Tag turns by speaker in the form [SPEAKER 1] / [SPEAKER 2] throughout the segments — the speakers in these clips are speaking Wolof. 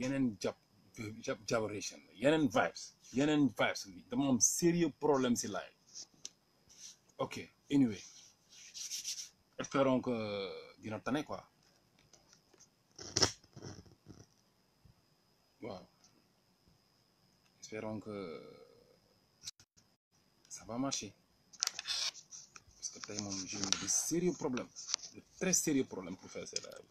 [SPEAKER 1] yenen jàpp jaboration la yeneen vibes yenen vibes bi dama am sérieux problème si live. ok anyway espérons que euh, dina tane quoi wow espérons que ça va marcher parce que tey j'ai des sérieux problèmes de très sérieux problèmes pour faire ces lives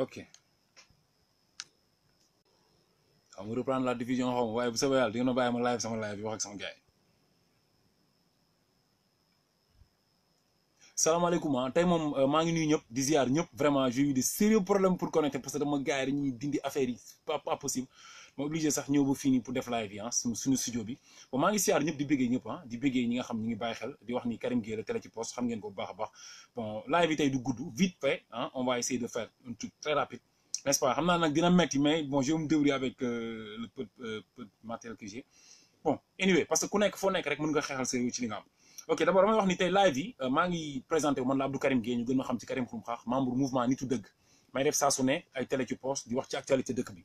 [SPEAKER 1] ok waaw mu reprendre la diffusion xaw ma waaye bu soobee yàlla di ngeen bàyyi ma live sama live bi wax sama gars yi salaamaaleykum ah, tey moom euh, maa ngi nuyu ñëpp di ziar ñëpp vraiment j'ai eu de sérieux problèmes pour connecter parce que dama gars yi dañuy dindi affaire yi pas pas possible ma obligé sax ñëw bu fini pour def live hein. Ah, sunu suñu studio bi ba ma ngi siyaar ñëpp di béggee ñëpp hein di béggee ñi nga xam ñi ngi bàyyi xel di wax ni Karim Gueye la télé ci poste xam ngeen ko bu baax baax bon live tay du gudd vite fait hein. on va essayer de faire un truc très rapide n'est-ce pas xam naa nag dina metti mais bon je vais me débrouiller avec euh, le euh, peu de matériel que j'ai bon anyway parce que ku nekk foo nekk rek mën nga xéxal sa réew ci li nga am ok d'abord damay wax ni tay live yi euh, maa ngi présenter man la Abdou Karim Gueye ñu gën ma xam ci Karim Xrum Xax membre mouvement nitu deug may def ça su ne ay télé ci poste di wax ci actualité dëkk bi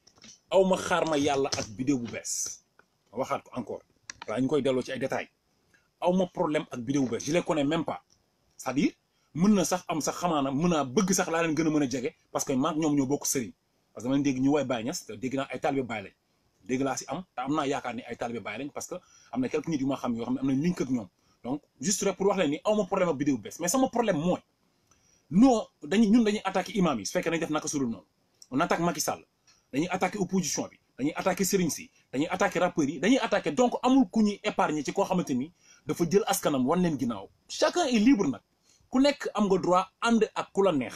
[SPEAKER 1] awma xarma yalla ak vidéo bu bees ma ko encore voilà ñu koy delloo ci ay détails awma problème ak vidéo bu bees je le connais même pas c'est-à-dire mën na sax am sax xamana mën naa bëgg sax la leen gëna mëna mën parce que maak ñom ñoo bokk sëriñ parce que dama leen dégg ñu way Baye te dégg na ay talibé Baye lañ dégg la ci am te am yaakaar ni ay talibé Baye lañ parce que amna na quelques nit yu ma xam yo xam amna am nañ link ak ñoom donc juste rek pour wax leen ni awma problème ak vidéo bu bees mais sama problème mooy non dañ ñun dañuy attaquer imam yi fekk nañ def naka su non on attaque Macky Sall dañuy attaquer opposition bi dañuy attaquer serigne si dañuy attaquer rappeurs yi dañuy attaquer donc amul ku ñuy épargner ci ko xamanteni dafa jël askanam wan len ginaaw chacun est libre nak ku nekk am nga droit ànd ak kula neex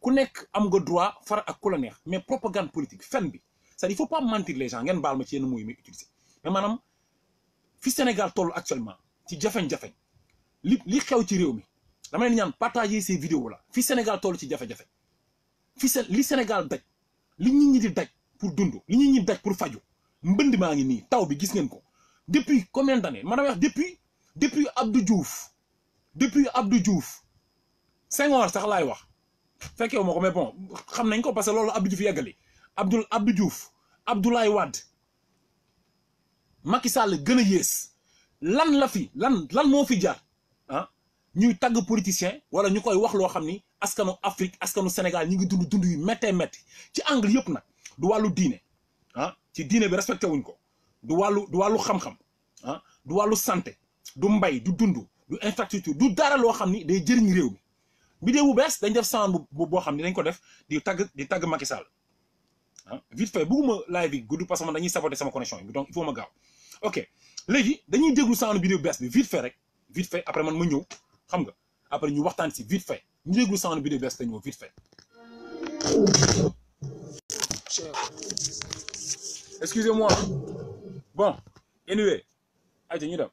[SPEAKER 1] ku nekk am nga droit far ak kula neex mais propagande politique fen bi cest il faut pas mentir les gens ngeen bal ma ci yenn mooy muy utiliser mais manam fi Sénégal toll actuellement ci jafeñ-jafeñ li li xew ci réew mi dama leen ñaan partager ces vidéos là fi Sénégal toll ci jafé jafé fi li Sénégal daj li nit ñi di daj pour dundu li nit ñi daj pour faju mbënd ma ngi ni taw bi gis ngeen ko depuis combien d'années man wax depuis depuis Abdou Diouf depuis Abdou Diouf ans sax lay wax fekke ma ko mais bon xam nañ ko parce que lolu Abdou Diouf yegali Abdoul Abdou Diouf abdoulay wad Macky Sall gën yes lan la fi lan lan mo fi jaar ah ñuy tag politicien wala ñukoy wax lo xamni askanu Afrique askanu Sénégal ñi ngi dund dund yu méttee metti ci angle yëpp nag du walu diiné han ah, ci diiné bi respecté wuñ ko du walu du walu xam-xam han ah, du walu santé du mbay du dund du infrastructure du dara lo xamni day jëriñ réew mi. vidéo wu bess dañ def saan bu bo xam dañ ko def di tag di tag Macky Sall han ah, vite fait bugguma live bi gudd parce que dañuy saboter sama connexion bi donc il faut ma gaw ok légui dañuy déglu saanu vidéo bu bees bi vite fait rek vite fait après man ma ñëw xam nga après ñu waxtaan ci vite fait. njëgu sound bi di bees te ñëw vite fait excusez-moi bon anyway ayca ñu dem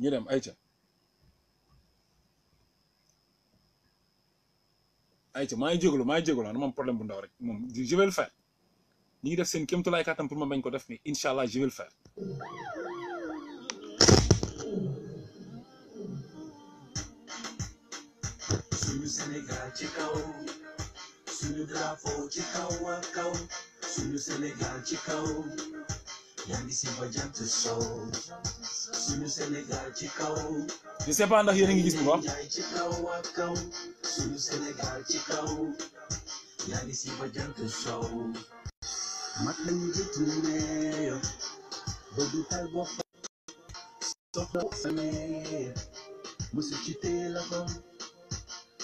[SPEAKER 1] ñu dem ayca ayca maa ngi jégalu maa ngi jégalu dama am problème bu ndaw rek moom je vais le faire ñu ngi def seen kéemtulaay kàttan pour ma bañ ko def mais incha allah je vais
[SPEAKER 2] suñu Sénégal ci kaw suñu drapeau ci kaw ak kaw suñu Sénégal ci kaw yaa ngi si ba jant suñu Sénégal ci kaw.
[SPEAKER 1] a ngi gis bu baax.
[SPEAKER 2] ci kaw suñu Sénégal ci kaw yaa ngi si ba jant mat lañu jiitu meeyo ba du tal bopp soxla sa meer mosu ci teel a ko.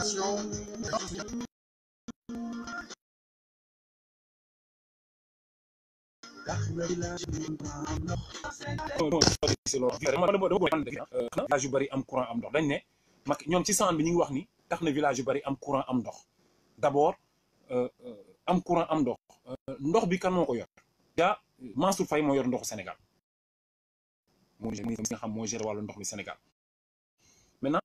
[SPEAKER 3] nation village
[SPEAKER 1] bari am courant am ndox dañ ne mag ñoom ci centre bi ñi wax ni taxna village yu bari am courant am ndox d'abord am courant am ndox ndox bi kan moko yott ya Mansour Faye mo yor ndoxu Sénégal mo moo nga xam mo géré walu ndox bi Sénégal maintenant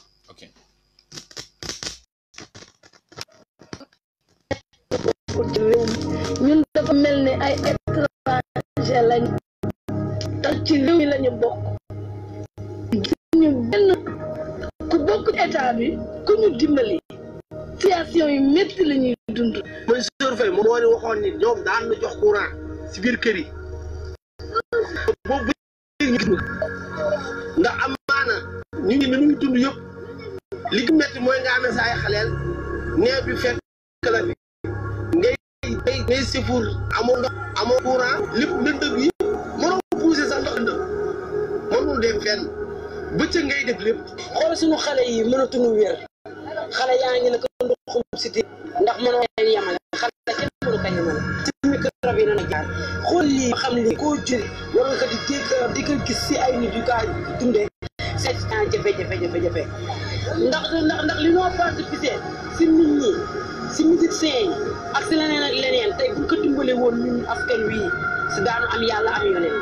[SPEAKER 4] ut réew ñun dafa mel ne ay étranger lañ tax ci réew yi lañu bokk ñu benn ku bokk état bi ku ñu dimbali situation yu métti la ñuy dund Mansour moom moo waxoon ni ñoom daan na jox courant si biir kër yi boobu ndax amaana ñu ngi ni muy dund yëpp li ko mooy nga amee sa ay xaleel nee bi fekk la day day sifur amul ndox amul courant lépp lëndëm yi mënoo pousser sax ndox lëndëm mënul dem fenn bëccëg ngay def lépp xool suñu xale yi mënatuñu wér xale yaa ngi naka ndoxum siti ndax mënoo leen yemale xale kenn mënu ko yemale ci xam lii koo ko di gis si ay nit yu kaa dundee seet jafe-jafe ndax ndax li noo participer si nit ñi si musiciens yi ak si leneen ak leneen tey bu ko dimbalee woon ñun askan wi si daanu am yàlla am yoneen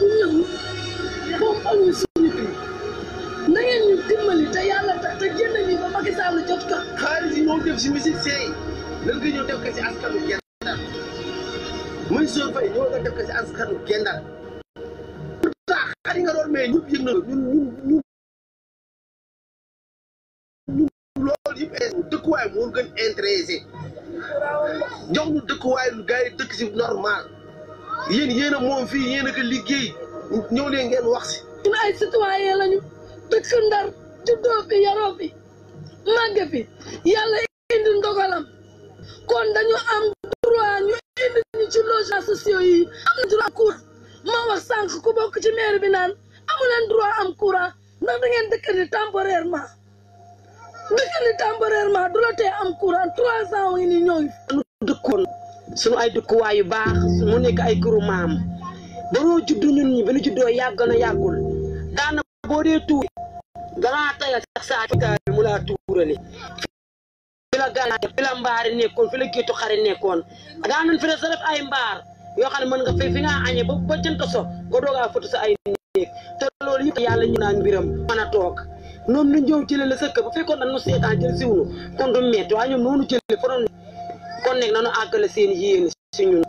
[SPEAKER 4] bu ñëw moom te yàlla te génn ñu ba Macky Sall ko. xaalis yi moom def si musicien yi lan nga def ko si askanu gendar Mansour Faye ñoo nga def ko si askanu gendar pourtant xaar nga doon mais ñëpp yëg na ñun ñun ñun
[SPEAKER 3] ñun loolu yëpp dëkkuwaay moo gën
[SPEAKER 4] intéressé jox ñu dëkkuwaay lu gars yi dëkk si normal. yéen yéen moom fii yéen a liggéey ñëw leen ngeen wax ay citoyen lañu dëkk ndar juddoo fi yaroo fi màgge fi yàlla indi ndogalam kon dañu am droit ñu indi ñu ci logements sociaux yi am na droit courant ma wax sànq ku ci maire bi naan amu leen droit am courant ndax da dëkk ni temporairement dëkk ni temporairement du la tee am courant trois ans wu ñu nii ñoo ngi. suñu ay dëkkuwaay yu baax mu nekk ay këru maam dañoo judd ñun ñi ba ñu juddoo yàgg na yàggul daanaka boo dee tuur danaa tey la sax saa bi mu laa tuurale fi la gàllankoor fi la mbaari nekkoon fi la géttu xari nekkoon daanañ fi la sa def ay mbaar yoo xam ne mën nga fi fi nga añee ba ba jënt so nga doogaa fëtu sa ay néeg te loolu yëpp yàlla ñu naan biram mën a toog noon ñu ñëw jëlee la sa kër bu fekkoon dañu seetaan jël siwnu kon du metti waaye kon nag nanu àggale seen yéene si ñun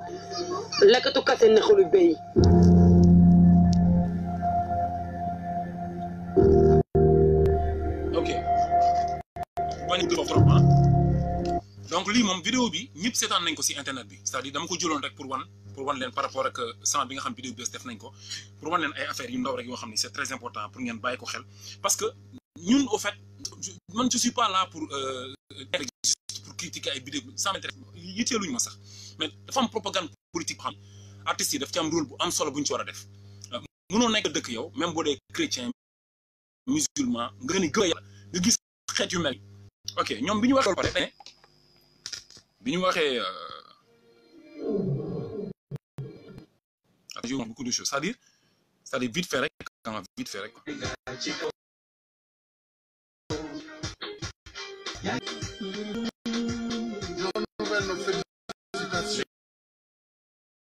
[SPEAKER 4] lekkatu na xolu bey
[SPEAKER 1] ok bañ ko trop hein donc li mom vidéo bi ñëpp seetaan nañ ko si internet bi c'est-à-dire dama ko jëloon rek pour wan pour wan len par rapport ak euh, sama bi nga xam vidéo bi def nañ ko pour wan len ay affaire yu ndaw rek yo xamni c'est très important pour ngeen bàyyi ko xel parce que ñun au fait man je suis pas là pour euh, critiquer ay vidéo ça m'intéresse yitteeluñu ma sax mais dafa am propagande politique boo xam artistes yi daf ci am rôle bu am solo buñ ci wara def euh, mënoo nek dëkk yow même bo dé chrétien musulman nga ni gëm yàlla nga gis xeet yu mel ok ñom biñu waxol waxee biñu waxé euh ñu ah, beaucoup de choses c'est-à-dire c'est-à-dire vite fait rek quand vite fait rek quoi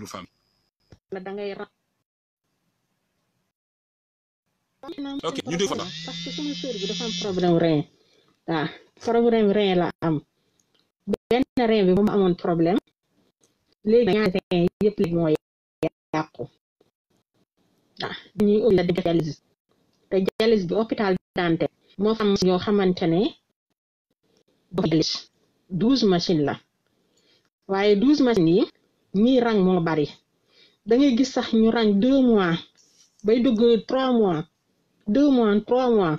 [SPEAKER 1] du
[SPEAKER 5] famille. ok ñu dégg bi dafa am problème rein waaw problème rein la am benn rein bi moom amoon problème léegi ñaari rein yëpp léegi moo yàqu waaw dañuy obligé di def dialyse te dialyse bi hôpital Dantec moo fa am ñoo xamante ne douze machines la waaye douze machines yi ñiy rang moo bari dangay gis sax ñu rang deux mois bay dugg trois mois deux mois trois mois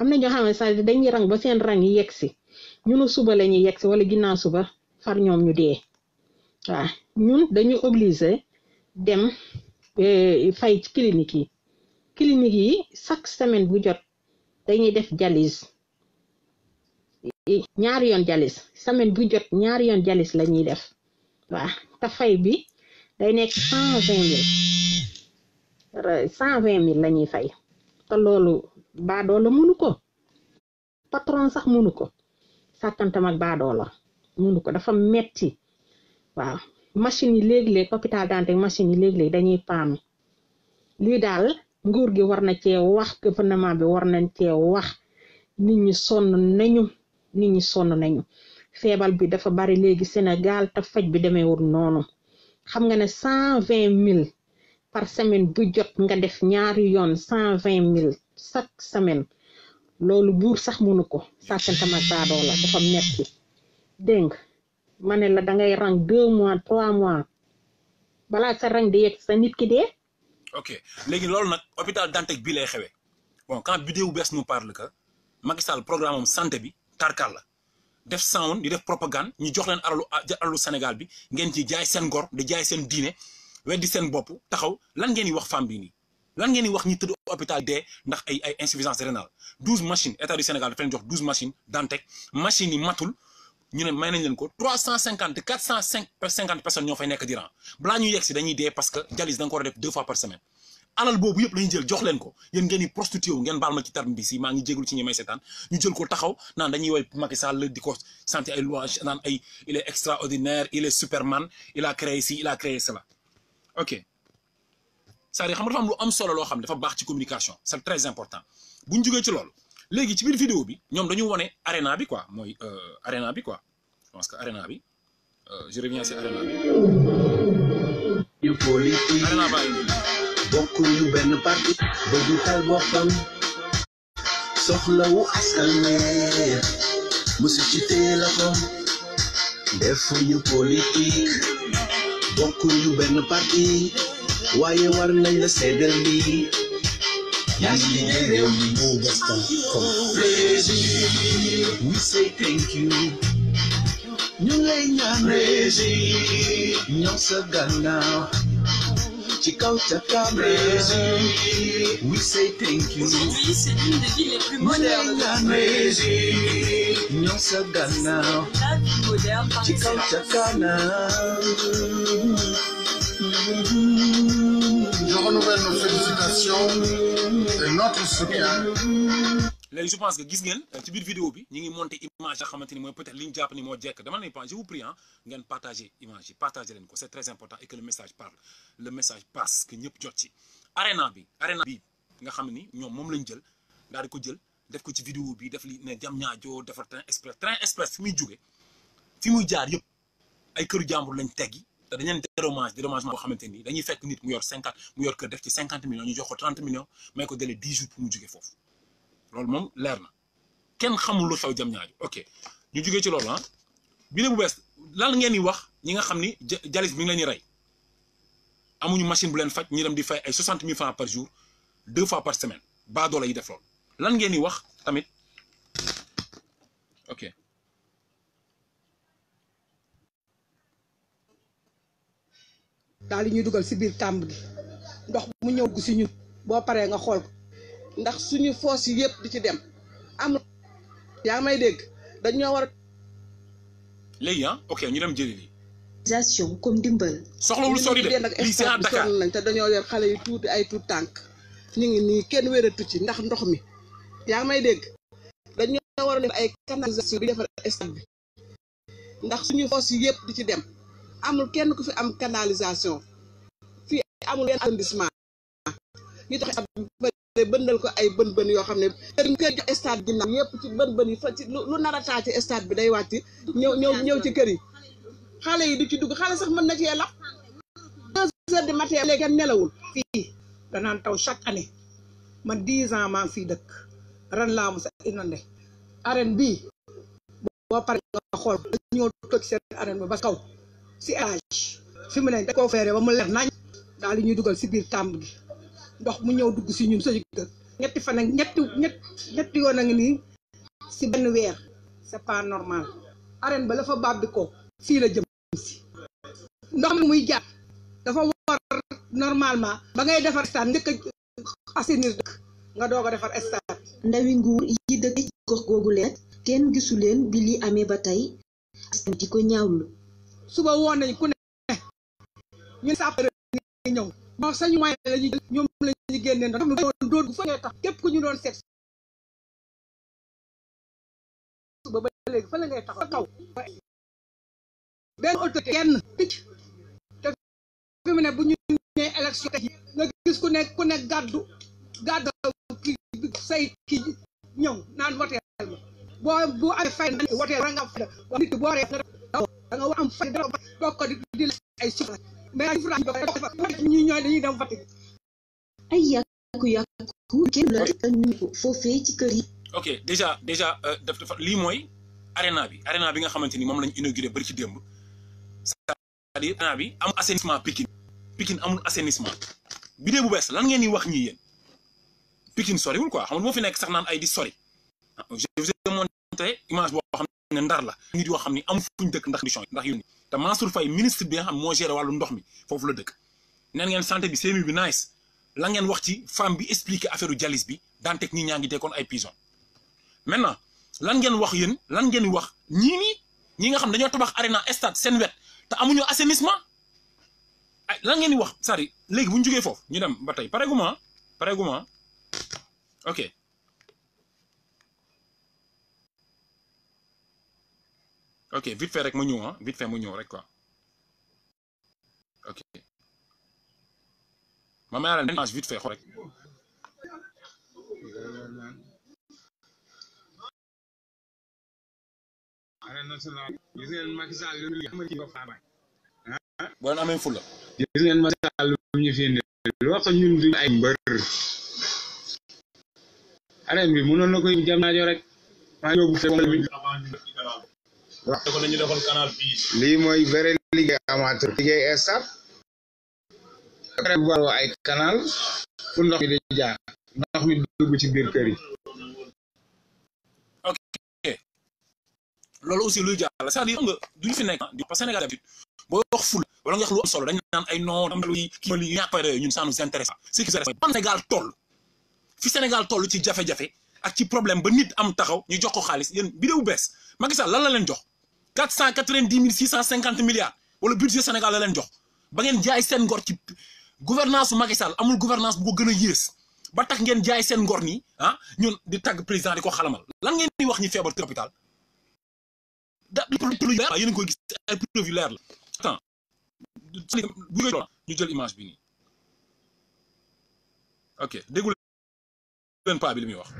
[SPEAKER 5] am na ñoo xam ne sax dañuy rang ba seen rang yi yegg si ñu ne suba la ñuy yegg si wala ginnaaw suba far ñoom ñu dee waaw ñun dañuy obligé dem eh, fay ci clinique yi clinique yi chaque semaine bu jot dañuy def dialyse ñaar yoon dialyse semaine bu jot ñaari yoon jalis la ñuy def waaw te fay bi day nekk cent vingt mille lañuy fay te loolu baadoola mënu ko patron sax mënu ko sàkkantam ak baadoola mënu ko dafa metti waaw machine yi léeg-léeg hôpital Dantec machine yi léeglé dañuy paam lii daal nguur gi war na cee wax gouvernement bi war nañ cee wax nit ñi sonn nañu nit ñi sonn nañu feebal bi dafa bari léegi Sénégal te faj bi demee demeewul noonu xam nga ne cent vingt mille par semaine bu jot nga def ñaari yoon cent vingt mille chaque semaine loolu buur sax mënu ko sàkkantama saadoo
[SPEAKER 1] la dafa metti
[SPEAKER 5] dégg nga ma ne la da ngay rang deux mois trois mois bala sa rang di yegg sa nit ki de
[SPEAKER 1] ok léegi loolu nag hôpital Dantec bii lay xewee bon quand Bidew Bess nous parle que Macky Sall programme am santé bi tarkal la def sound di def propagande ñu jox leen aralu ah, Sénégal bi ngeen ci jaay sen qui di jaay sen diiné wéddi sen bop taxaw lan ngeen di wax fam bi ni lan ngeen di wax ñi hôpital des, ndax ay ay insuffisance rénale machines état du Sénégal dafa jox douze machines Dantec machines yi matul ñu may nañ leen ko personnes ñoo nekk diran bla ñu dañuy parce que da ko deux fois par semaine alal boobu yëpp lañu jël jox leen ko yéen ngeen di prostitué wu ngeen baal ma ci terme bi maa ngi jégalu ci ñi seetaan ñu jël ko taxaw naan dañuy woy Macky Sall di ko santé ay louange naan ay il est extraordinaire il est superman il a créé ci il a créé cela ok cest xam nga am lu am solo loo xam dafa baax ci communication c'est très important bu ñu jugee ci loolu léegi ci biir vidéo bi ñoom dañu wone arena bi quoi mooy euh, arena bi quoi je que arena bi euh, je reviens bi. bokku ñu benn parti bëgg
[SPEAKER 2] tal boppam soxlawu askan wi musu ci defu ñu politique ñu benn parti waaye war nañ la seddal we say thank you ñu lay ñaan ñoo Check out ta We say thank you. Aujourd'hui, c'est l'une des villes les plus modernes de Brésil. Nyonsa Ghana. La
[SPEAKER 4] ville moderne par Check out ta Ghana.
[SPEAKER 1] Je renouvelle nos félicitations et notre soutien je pense que vous avez euh, ci biir vidéo bi monté image peut-être je vous prie hein, partager image c'est très important et que le message parle le message passe que jot ci arena bi arena bi nga xamni ni qui jël ko jël def ko ci vidéo bi def li ne jam defal train express train express fi muy fi muy jaar yépp ay lañ téggi da dañu leen ont dañuy fekk nit mu yor cinquante mu yor kër def ci 50 millions ñu jox ko 30 millions may ko 10 jours pour mu fofu loolu moom leer na kenn xamul lu xew jam ñaaju ok ñu jugee ci loolu ah bi bu bees lan ngeen di wax ñi nga xam ni jalis mi ngi la rey amuñu machine bu leen faj ñu dem di fay ay soixante mille francs par jour deux fois par semaine baa doole yi def loolu lan ngeen di wax tamit ok
[SPEAKER 6] daal di ñuy dugal si biir tàmb gi ndox mu ñëw gu si ñun boo paree nga xool ndax suñu foos yi yëpp di ci dem amul yaa may dégg dañoo war a
[SPEAKER 1] léegi ah ok ñu dem jëli lii
[SPEAKER 6] comme ndimbal soxlawul sori de lii c'est à nañ te dañoo yor xale yu tuuti ay tuut tànk ñu ngi nii kenn wératu ci ndax ndox mi yaa may dégg dañoo war a def ay canalisation bi defar stade bi ndax suñu foos yi yëpp di ci dem amul kenn ku fi am canalisation fi amul benn arrondissement ñu tax te bëndal ko ay bën bën yoo xam ne kër gi stade ginnaaw ci bën bën yi fa ci lu nar a bi day ñëw ñëw ñëw ci kër yi xale yi di ci dugg xale sax mën na ci lap deux heures du matin nelawul fii danaan taw chaque année man dix ans maa fii dëkk ren laamu mos a inondé arène bii boo pare nga xool dañoo toj seen arène bi ba kaw si âge fi mu ne dañ koo feere ba mu leer nañ daal di ñuy dugal si biir tàmb gi ndox mu ñew dugg ci ñun sa yëkkat ñetti fan ak ñetti ñet ñetti yoon a ni ci si wër c'est pas normal arène ba la fa babbi ko fi la jëm ci ndox mu muy jaar dafa war normalement ba ngay defar stade njëkk assainir nga doog defar stade ndawi nguur yi dëkk ci gox googu leen kenn gisu bi li amé ba tay ko ñaawlu suba woon nañ ku ne ñun ñëw ba sañu moyen la ñuy jël ñoom la ñuy génne ndax lu doon dóor gu
[SPEAKER 3] fa ñoo tax képp ku ñu doon seet ba ba léegi
[SPEAKER 6] fa la tax taxaw kaw benn autorité kenn ticc te fi mu ne bu ñu ne élection tey nga gis ku nekk ku nekk gàddu gàddu ki say ki ñëw naan woteel ma boo bu amee fay woteel war nga am fay nit ki boo ree da nga war am fay doo ko di di ay chiffres
[SPEAKER 4] mais ay furaay yi ñooy dañuy dem Fatick. ay yàqu-yàqu kenn la ñu ko foofee ci kër yi.
[SPEAKER 1] ok déjà déjà euh, daf dafa lii mooy arena bi arena bi nga xamante ni moom lañu inauguré bari ci démb c'est-à-dire arena bi am assainissement Pikine Pikine amul assainissement bi dee bu bees lan ngeen di wax ñii yéen Pikine soriwul quoi xam nga moo fi nekk sax naan ay di sori ah, je vous ai montré image boo xam ne ndar la ñu di wax xam ni amul fuñ dëkk ndax condition yi ndax yu ni te Mansour fay ministre bi nga xam mo géré walu ndox mi fofu la dëkk neen ngeen santé bi sémi bi nice la ngeen wax ci femme bi expliquer affaireu dialyse bi dante ni ñangi té kon ay prison maintenant lan ngeen wax yeen lan ngeen wax ñi ni ñi nga xam dañu tabax arena stade sen wet te amuñu assainissement lan ngeen di wax sari légui buñu joggé fofu ñu dem ba tey pareeguma pareeguma ok vite fait rek mu ñëw ah vite fait ma ñëw rek quoi ok ma may la image vite fait xool rek lu ah. ñu fi ñun duñ ay mbër arène bi mënoon na koy jam naajo rek maa yóbbu fekk lii mooy vrai liggéey amateur liggéey estat prévoir ay canal fu ndox mi di jaar ndox
[SPEAKER 3] mi ci biir kër yi
[SPEAKER 1] ok loolu aussi luy jàll c'est-à-dire xam nga duñu fi nekk parce que Sénégal d'habitude boo ful wala nga wax lu am solo ay non kii ma li ñàkk ñun ça nous intéresse ce qui nous intéresse ban Sénégal toll fi Sénégal toll ci jafe-jafe ak ci problème ba nit am taxaw ñu jox ko xaliss yeen bi réew bes Macky Sall lan la leen jox 490650 milliards wala budget Sénégal la leen jox ba ngeen jaay seen ngor ci gouvernance Macky Sall amul gouvernance bu ko gëna yees ba tax ngeen jaay seen ngor ni ah ñun di tag président di ko xalamal lan ngeen di wax ñi fièvre capital da yaa yeen koy gis ay preuve yu leer la attends bu ñu jël image bi ni ok déglu leen paa bi li muy wax.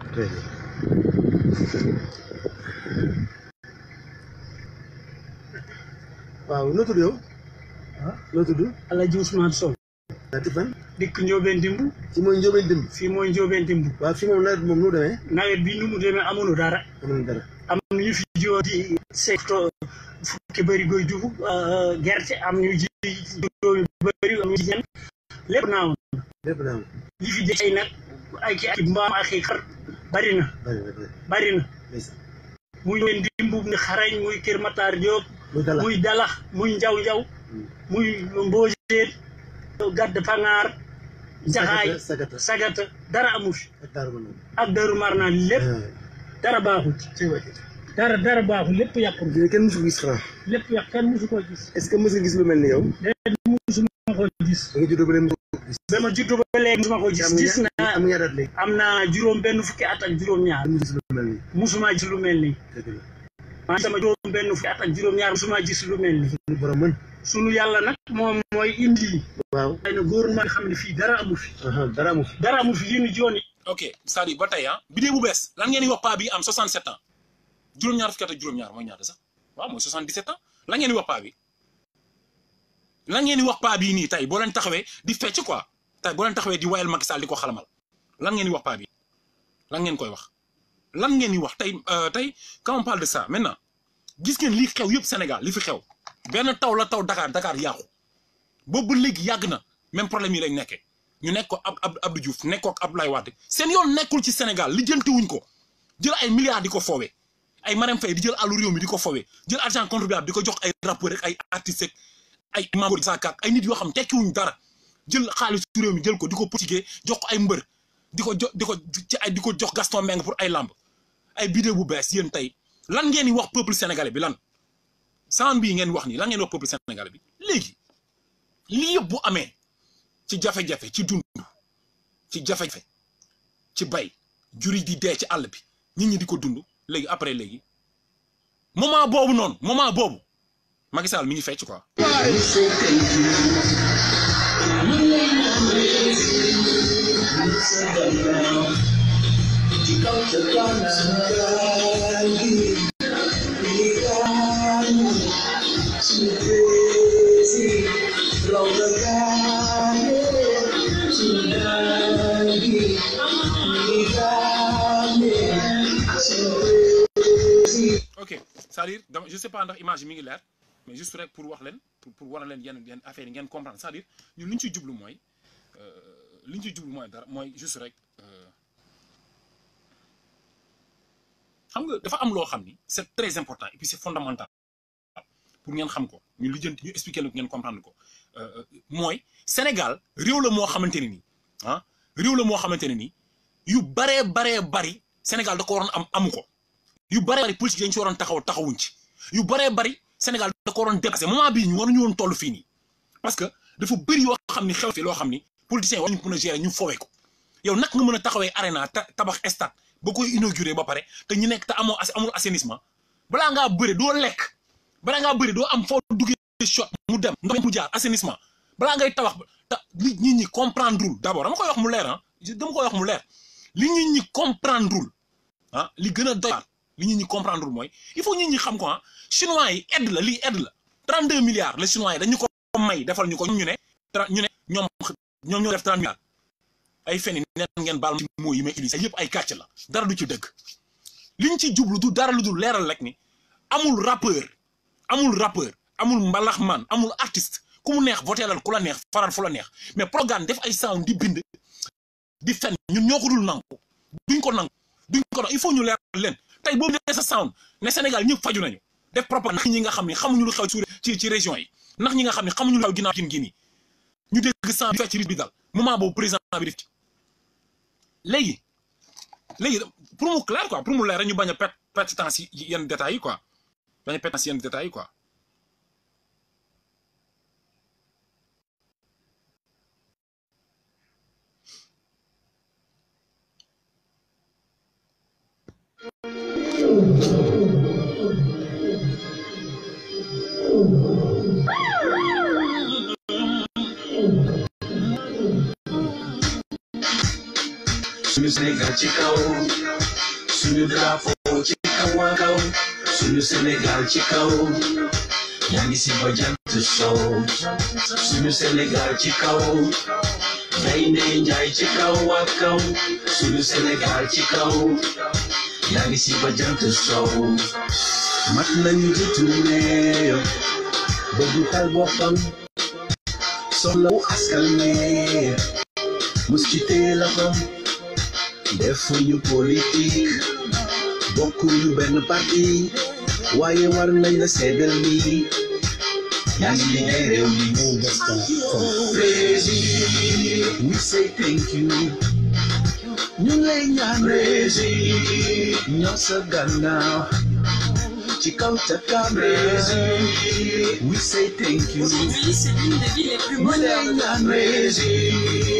[SPEAKER 2] waaw noo tudd yow. ah noo tudd. El Hadj Ousmane Sow. naati fan. dikk Ndiobène Dimb. fii mooy Ndiobène Dimb. fii mooy Ndiobène Dimb. waaw fii moom nawet moom nu mu demee. nawet bi nu mu demee amuñu dara. amuñu dara. am na ñu fi jiwoon di secteur fukki bëri goy dugub euh, gerte am ñu ji juróomi bëri am ñu ji ñenn lépp naawoon. lépp naawoon. li fi jëlee nag. ay ci ay mbaam ak i xar bari na. bari na muy leen di ni xarañ muy Kër Matar Diop. muy dalax muy njaw njaw mm. muy mboojeet gàdd fangaar jaxaay sagata dara amu fi ak daru mar naan lépp eh. dara baaxul dara dara baaxul lépp yàqu kenn musu ko gis xanaa lépp yàq kenn musu ko gis est-ce que mës nga gis lu mel ni yow gis nga juddoo musuma ko gis gis naa am ñaar at fukki at ak ñaar musuma gis lu mel nii sama juróom benn fukki ñaar musuma gis lu borom indi waaw ma dara amu fi dara amu dara amu fi
[SPEAKER 1] ok ah, bu lan ngeen wax bi am 67 ans juróom-ñaar fukki at ak ñaar sax waaw 77 ans lan ngeen wax bi la ngeen di wax pa bi ni tay bo len taxawé di fecc quoi tay bo len taxawé di wayal Macky Sall di xalamal la ngeen di wax pa bi la ngeen koy wax la ngeen di wax tay euh, tay quand on parle de ça maintenant gis ngeen li xew yeb Sénégal li fi xew ben taw la taw Dakar Dakar ya boobu ba léegi yàgg na même problème yi lañ nekké ñu nekk ko ab Abdou Diouf nekk ko Abdoulaye Wade sen yoon nekkul ci Sénégal li wuñ ko jël ay milliards di fowé ay Marème fay di jël àllu yomi diko di jël argent contribuable di ko jox ay rappeurs ak ay artistes ay Mamour Sakak ay nit yo xam tekkiwuñ dara jël xaalisu rew mi jël ko diko ko jox ko ay mbeur diko diko ci ay diko jox Gaston meng pour ay lamb ay bidé bu bess yeen tay. lan ngeen ni wax peuple sénégalais bi lan saan bi ngeen wax ni lan ngeen wax peuple sénégalais bi légui li yeb bu amé ci jafé jafé ci dund ci jafé jafé ci bay juri di dé ci all bi nit ñi diko dund légui après légui moment bobu non moment bobu Macky Sall mi ngi fecc ok salir, então, eu sei para sais imagem, ndax mais juste rek pour wax len pour pour war len leen yenn affaire yi ngeen comprendre c'est-à-dire ñun li ci djublu moy euh liñ ci djublu moy dara moy juste rek euh, xam nga dafa am lo xamni c'est très important et puis c'est fondamental pour ngeen xam ko ñu lijeent ñu expliquer lu ngeen comprendre ko euh, euh moy Sénégal réew le mo xamanteni ni nii ah réew la moo xamante ne yu bare bare bari Sénégal da ko waroon am amu ko yu bare bari politique dañ ci waroon taxaw taxawuñ ci yu bare bari. Sénégal da ko ron dépassé moment bi ñu ñu won tollu fi ni parce que dafa bëri yo xamni xew fi lo xamni politiciens waruñu mën a gérer ñu fowé ko yow nak nga mëna taxawé arena tabax stade ba koy inaugurer ba paré te ñu nekk ta amoo amul assainissement bala nga bëri do lek bala nga bëri do am fo duggé shot mu dem ndox mu jaar assainissement bala ngay tabax te nit ñi ñi comprendre lul d'abord dama koy wax mu lèr hein ah. dama koy wax mu lèr li nit ñi comprendre lul hein ah, li gëna a li nit ñi comprendre mooy il faut nit ñi xam ko ah chinois yi aide la lii aide la 32 milliards la chinois yi dañu ko may defal ñu ko ñu ne ñu ne ñoom ñoom ñoo def 30 milliards ay fen yi ngeen baal ci mots yi may utilisé yëpp ay kàcc la dara du ci dëgg ñu ci jublu du dara lu dul leeral rek ni amul rappeur amul rappeur amul mbalaxmaan amul artiste ku mu neex voteelal ku la neex faral fu la neex mais programme def ay sound di bind di fen ñun ñoo ko dul nangu ko nangu ko il faut ñu leeral leen tay bo ne sa sound ne Sénégal ñu faju nañu def propagande ñi nga xamni xamuñu lu xew ci ci région yi nak ñi nga xamni xamuñu lu ginaaw ginnaaw gin gin ñu dégg sang bi fecc rit bi dal moment bo président bi def ci léegi léegi pour mu clair quoi pour mu leer ñu baña pet pet temps si yenn détails yi quoi baña pet temps si yenn détails yi quoi
[SPEAKER 2] Sénégal ci kaw suñu drapeau ci kaw a kaw Sénégal ci kaw yaa si ba jant sow suñu Sénégal ci kaw Gaynde Njaay ci kaw a kaw Sénégal ci kaw yaa si ba jant sow mat nañu jiitu ne ba du tal boppam soxla wu askan ne muskite la defuñu politique bokkuñu benn parti waaye war nañ la seedal ni yaa ngi liggéey réew mi mu Gaspard Koné we say thank you ñu lay ñaan Président ñoo sa gannaaw ci kaw ca we say thank you ñu lay ñaan Président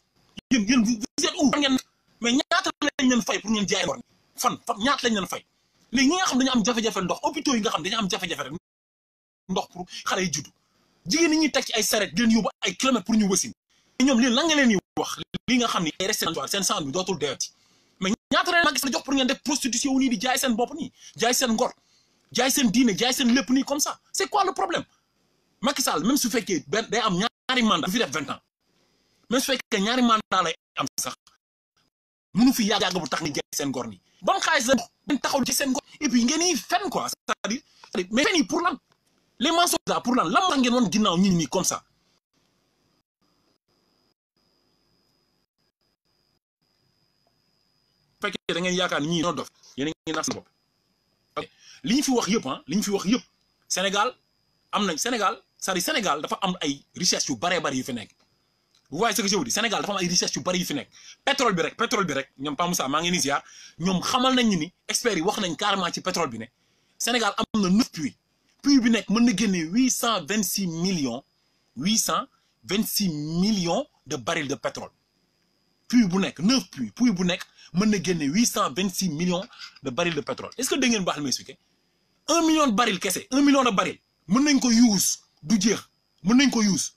[SPEAKER 1] yéen yéen vous êtes où mais ñaata lañ leen fay pour ngeen jaay ngoon fan fan ñaata lañ leen fay ñi nga xam dañu am jafe-jafe ndox hôpitaux yi nga xam dañu am jafe-jafe ndox pour xale yi judd jigéen ñi ñuy ci ay saret di leen ay kilomètres pour ñu wasin ñoom lii lan nga leen yi wax li nga xam ni ay resté seen sang bi mais jox pour def prostitution di jaay seen bopp nii jaay seen ngor jaay seen diine jaay seen lépp nii comme ça c'est quoi le problème Macky Sall même su day am ñaari mandat fi def ans même fekk fekkee ñaari mandat lay am sax mënu fi yagg bu tax ni jé sen gorni bon xaliss la ben taxaw ci sen gor et puis ngeen yi fenn quoi c'est-à-dire mais fenn yi pour lan les mensonges là pour lan lam moo ngeen won ginnaw ñi ni comme ça fekk da ngeen yaakaar ñi no dof yene ngeen nax seen li ñu fi wax yépp ah li ñu fi wax yépp Sénégal amna Sénégal sari Sénégal dafa am ay richesse yu bare bare yu fi nek Vous voyez ce que je vous dis, Sénégal, il y a des richesses qui sont Pétrole, pétrole, il n'y a pas de monde, il y a des gens ont expérimenté, ils ont clairement le pétrole. Sénégal a 9 puits. Le puits peut gagner 826 millions, 826 millions de barils de pétrole. Puis vous n'êtes 9 puits, puis vous n'êtes 826 millions de barils de pétrole. Est-ce que vous avez expliqué 1 million de barils, qu'est-ce que c'est 1 million de barils. Vous n'êtes pas use, vous n'êtes pas use.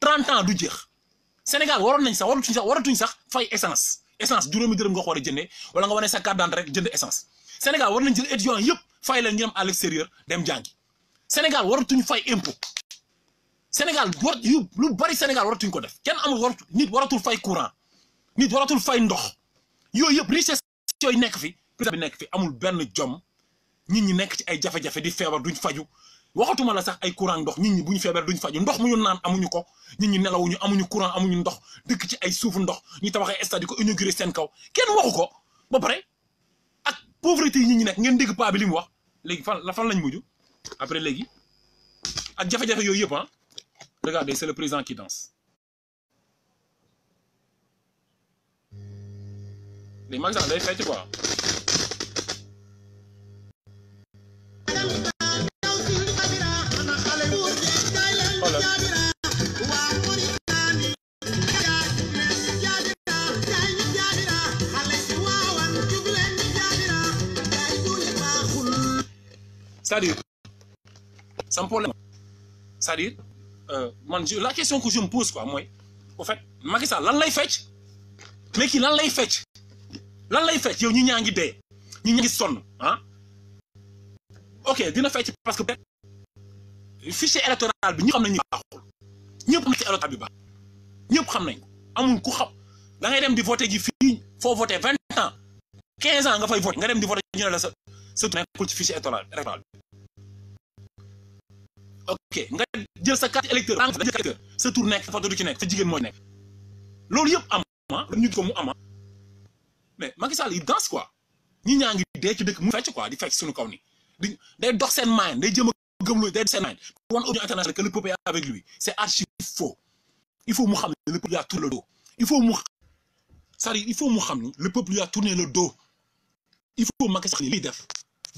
[SPEAKER 1] 30 ans, vous n'êtes senegal waron nañ sax waron waratuñ sax waratuñ sax fay essence essence juróomi dërëm nga xori jëndé wala nga wone sa carte d'entrée rek jënd essence senegal war nañ jël étudiant yépp fay la ñu à l'extérieur dem jàngi senegal waratuñ fay impôt senegal war yu lu bari senegal waratuñ ko def kenn amul waratu nit waratul fay courant nit waratul fay ndox yoy yépp richesse yoy nekk fi président bi nekk fi amul benn jom nit ñi nekk ci ay jafé jafé di fébar duñ faju waxatuma la sax ay courant ndox nit ñi buñu faju ndox mu ñu amuñu ko nit ñi nelawuñu amuñu courant amuñu ndox dëkk ci ay ndox ñu stade ko kaw kenn waxuko ba paré ak pauvreté nit ñi ngeen dégg pa bi wax fan la fan lañ après légui ak yoy yëpp pas. Ah regardez c'est le président qui danse Les magasins, les quoi cest à sans problème. Euh, la question que je me pose, quoi, moi, au fait, Macky Sall, lan mais qui lan lay lan ah? ok dina fête parce que le fichier électoral bi nous voter. ñu Nous sommes ci voter Nous voter ans 15 ans voté nga voter, fichier électoral ok nga jël sa carte électeur sa carte électeur sa tur nekk photo du ci nek sa jigen moo nek loolu yëpp am ah ñu ko mu am mais Macky Sall il danse quoi ñi ñangi dé ci dëkk mu fecc quoi di fecc suñu kaw ni di day dox sen main day jëm a gëm day sen main. moyen pour wan que le peuple est avec lui C'est archi faux il faut mu xam le peuple lui a tourné le dos il faut mu sari il faut mu xam ni le peuple lui a tourné le dos il faut Macky Sall liy def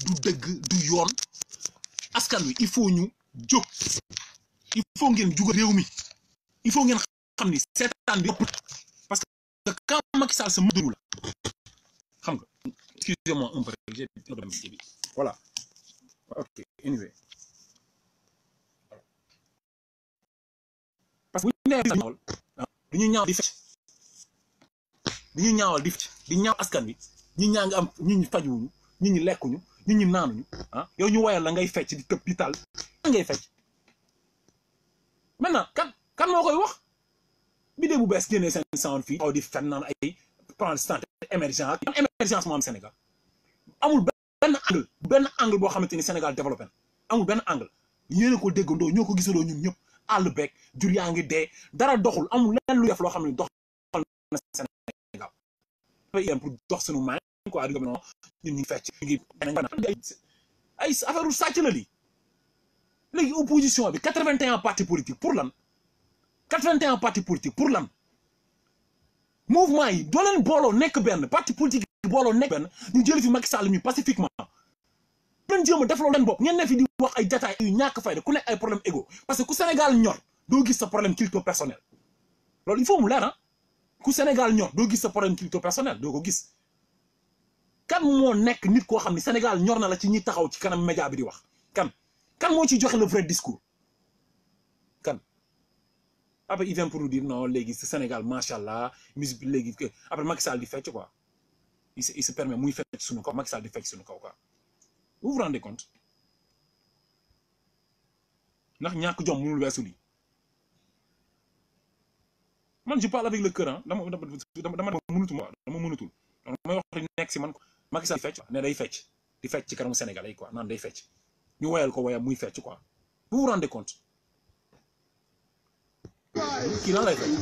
[SPEAKER 1] du dëgg du yoon askan wi il faut ñu. jóg il faut ngeen jugal réew mi il faut ngeen xam ni seetaan bi yëpp parce que quand Macky sa mëddu la xam nga excusez-moi un voilà ok anyway parce que bu ñu nee ñaawal ah, ñaaw di fecc du ñu ñaawal askan wi ñi ñaa ngi am ñi ñu fajuwuñu ñi ñu lekkuñu ñi ñu naanuñu ah yow ñu woyal la ngay fecc di tëb di taal ngay fecc maintenant kan kan moo koy wax bidéo bu bees génnee seen sound fii aw di fen naan ay protestant émergent ak émergence moo am Sénégal amul benn angle benn angle boo xamante ni Sénégal développé na amul benn angle yéen a ko déggandoo ñoo ko gisandoo ñun ñëpp àll beeg jur yaa ngi dee dara doxul amul lenn lu def loo xam ne doxal na Sénégal yéen pour dox sunu maay quoi ñun ñu ngi fecc ñu ngi ay affaire sàcc la lii léegi opposition bi 81 partis politiques pour lan 81 partis politiques pour lan mouvement yi doo leen booloo nekk benn parti politique yi booloo nekk benn ñu jël fi Macky Sall mi pacifiquement plein jéem a def loolu leen bopp ngeen ne fi di wax ay détails yu ñàkk fayda ku problème égo parce que ku Sénégal ñor doo gis sa problème culture personnel loolu il faut mu leer ah ku Sénégal ñor doo gis sa problème culture personnel do ko gis kan moo de nit koo xam ne Sénégal ñor na la ci ñi taxaw ci kanam média bi di wax kan moo ci le vrai discours kan après il vient pour nous dire non c'est Sénégal machallah. musique après Macky Sall di fait quoi il se il se permet Macky Sall di quoi vous vous rendez compte ne jom mënul avec le man je parle avec le cœur hein. dama dama dama mënutul le cœur. Je man Macky Sall Je ne day di ci Sénégal quoi day ñu woyal ko woyam u y fecc quoi vous vous rendez compte kii lan lay fecc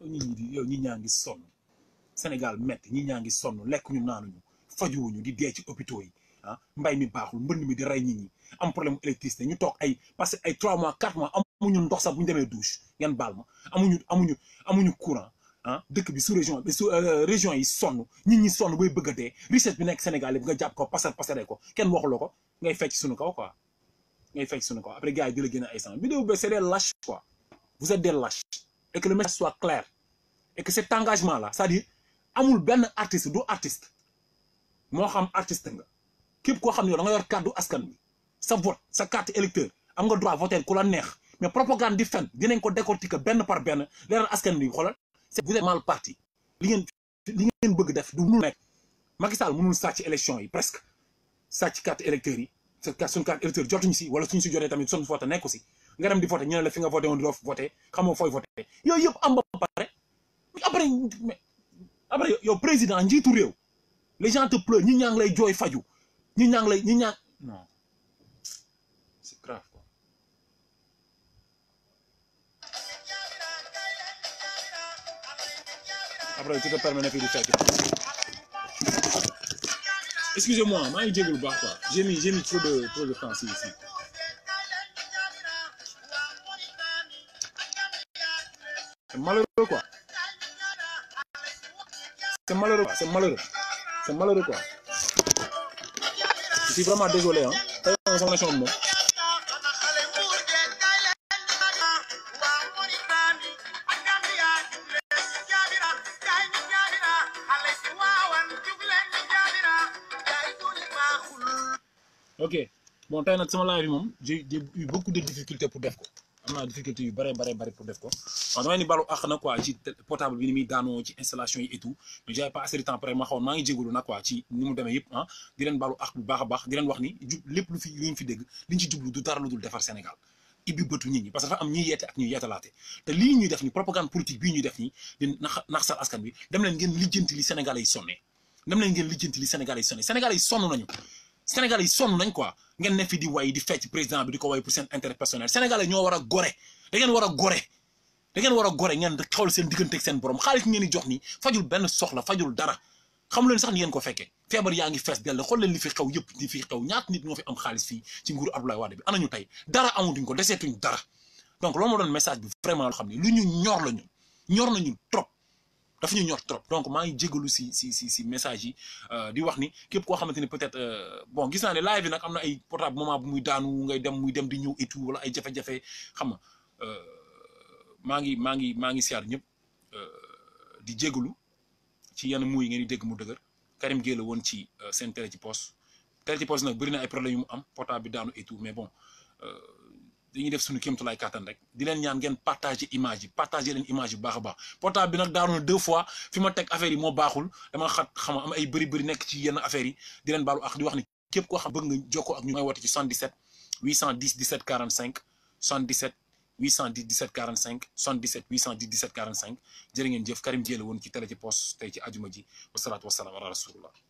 [SPEAKER 1] ñi ñi di ñaa ngi sonn Sénégal metti ñi ñaa ngi sonn lekk ñu naanuñu fajuwuñu di dee ci hôpitaux yi ah mbay mi baaxul mbënd mi di rey nit ñi am problème électricité ñu toog ay parce que ay 3 mois 4 mois ñu ndox sax bu ñu demee douche ngeen baal ma amuñu amuñu amuñu courant ah dëkk bi su région bi sous euh, région yi sonn nit ñi sonn booy bëgg a dee richesse bi nekk Sénégal yi nga jàpp ko pasar pasaree ko kenn waxuloo ko ngay fecc suñu kaw ko ngay quoi après gars yi di a ay sang vidéo c'est des lâches quoi vous êtes des lâches et que le message soit clair et que cet engagement là c'est-à-dire amul ben artiste d'où artiste moo xam artiste nga peut koo xam ne da nga yor kàddu askan bi sa vote sa carte électeur am nga droit voter ku la neex mais propagande di fen dinañ ko décortiquer ben par ben leeral askan bi xoolal c'est vous êtes mal parti li ngeen li ngeen bëgg def du munul nekk Macky Sall mënul sàcc élection yi presque sàcc carte électeur suñu carte jot jotuñu si wala suñu si jotee tamit suñu vote nekku si nga dem di voté ñu ne la fi nga voté woon di doof voté xamoo fooy voté yooyu yëpp am ba pare après après yow président njiitu réew les gens ñu pleurent ñaa ngi lay jooy faju ñu ñaa lay ñi ñaa non excusez-moi ma idée de baax quoi j'ai mis j'ai mis trop de trop de français ici c'est malheureux quoi c'est malheureux c'est malheureux c'est malheureux quoi je suis vraiment désolé hein bon tey nag sama live bi j'ai eu beaucoup de difficultés pour def ko am difficulté yu bare bare bare pour def ko waaw damay ni balu ak na quoi ci portable bi ni mi dano ci installation yi et tout mais j'avais pas assez de temps pare ma xone maa ngi jégalu nag quoi ci ni mu demee yep hein ah. di len balu ak bu baax bax di len wax ni lepp lu fi lu fi deg li ci djublu du dara lu dul defar Sénégal ibi bëtu nit ñi parce que dafa am ñi yété ak ñi yeetalaate te li ñuy def ni propagande politique bi ñuy def ni di nax naxsal askan bi dem leen ngeen lijjanti li Sénégalais yi sonne dem leen ngeen lijjanti li Sénégalais yi sonne Sénégalais yi sonn nañu Sénégal yi sonn nañ quoi ngeen ne fi di way di fecc président bi di ko way pour seen intérêt personnel Sénégal yi ñoo war a gore da ngeen war a gore da ngeen war a gore ngeen xool seen diggante ak seen borom xaalis ngeen di jox nii fajul benn soxla fajul dara xamu leen sax ni ngeen ko fekkee feebar yaa ngi fees dell xool leen li fi xew yëpp li fi xew ñaata nit ñoo fi am xaalis fii ci nguuru Abdoulaye Wade bi ana ñu tey dara amatuñ ko deseetuñ dara donc loolu moo doon message bi vraiment xam ne lu ñu ñor la ñu ñor nañu trop ñor donc maa ngi si si si si message yi euh, di wax ni képp peut-être euh, bon gis live portable moment bu muy daanu ngay dem muy dem di et wala ay xam nga euh, ngi ngi ngi di ci Karim poste portable mais bon dañuy def suñu lay kàttan rek di leen ñaan ngeen partager image yi partager leen image bu baaxa baax portable bi nak daanu deux fois fi ma tek affaire yi mo baaxul dama xat xama am ay bari bari nek ci yenn affaire yi di leen baalu ak di wax ni képp ko xam bëgg nga joko ak ñu may woote ci 77 810 17 45 77 810 17 45 77 810 17 45 jërë ngeen jëf Karim Dièye la ci télé ci poste tay ci ajuma ji wa wasalaatu wasalaam ala rasulullah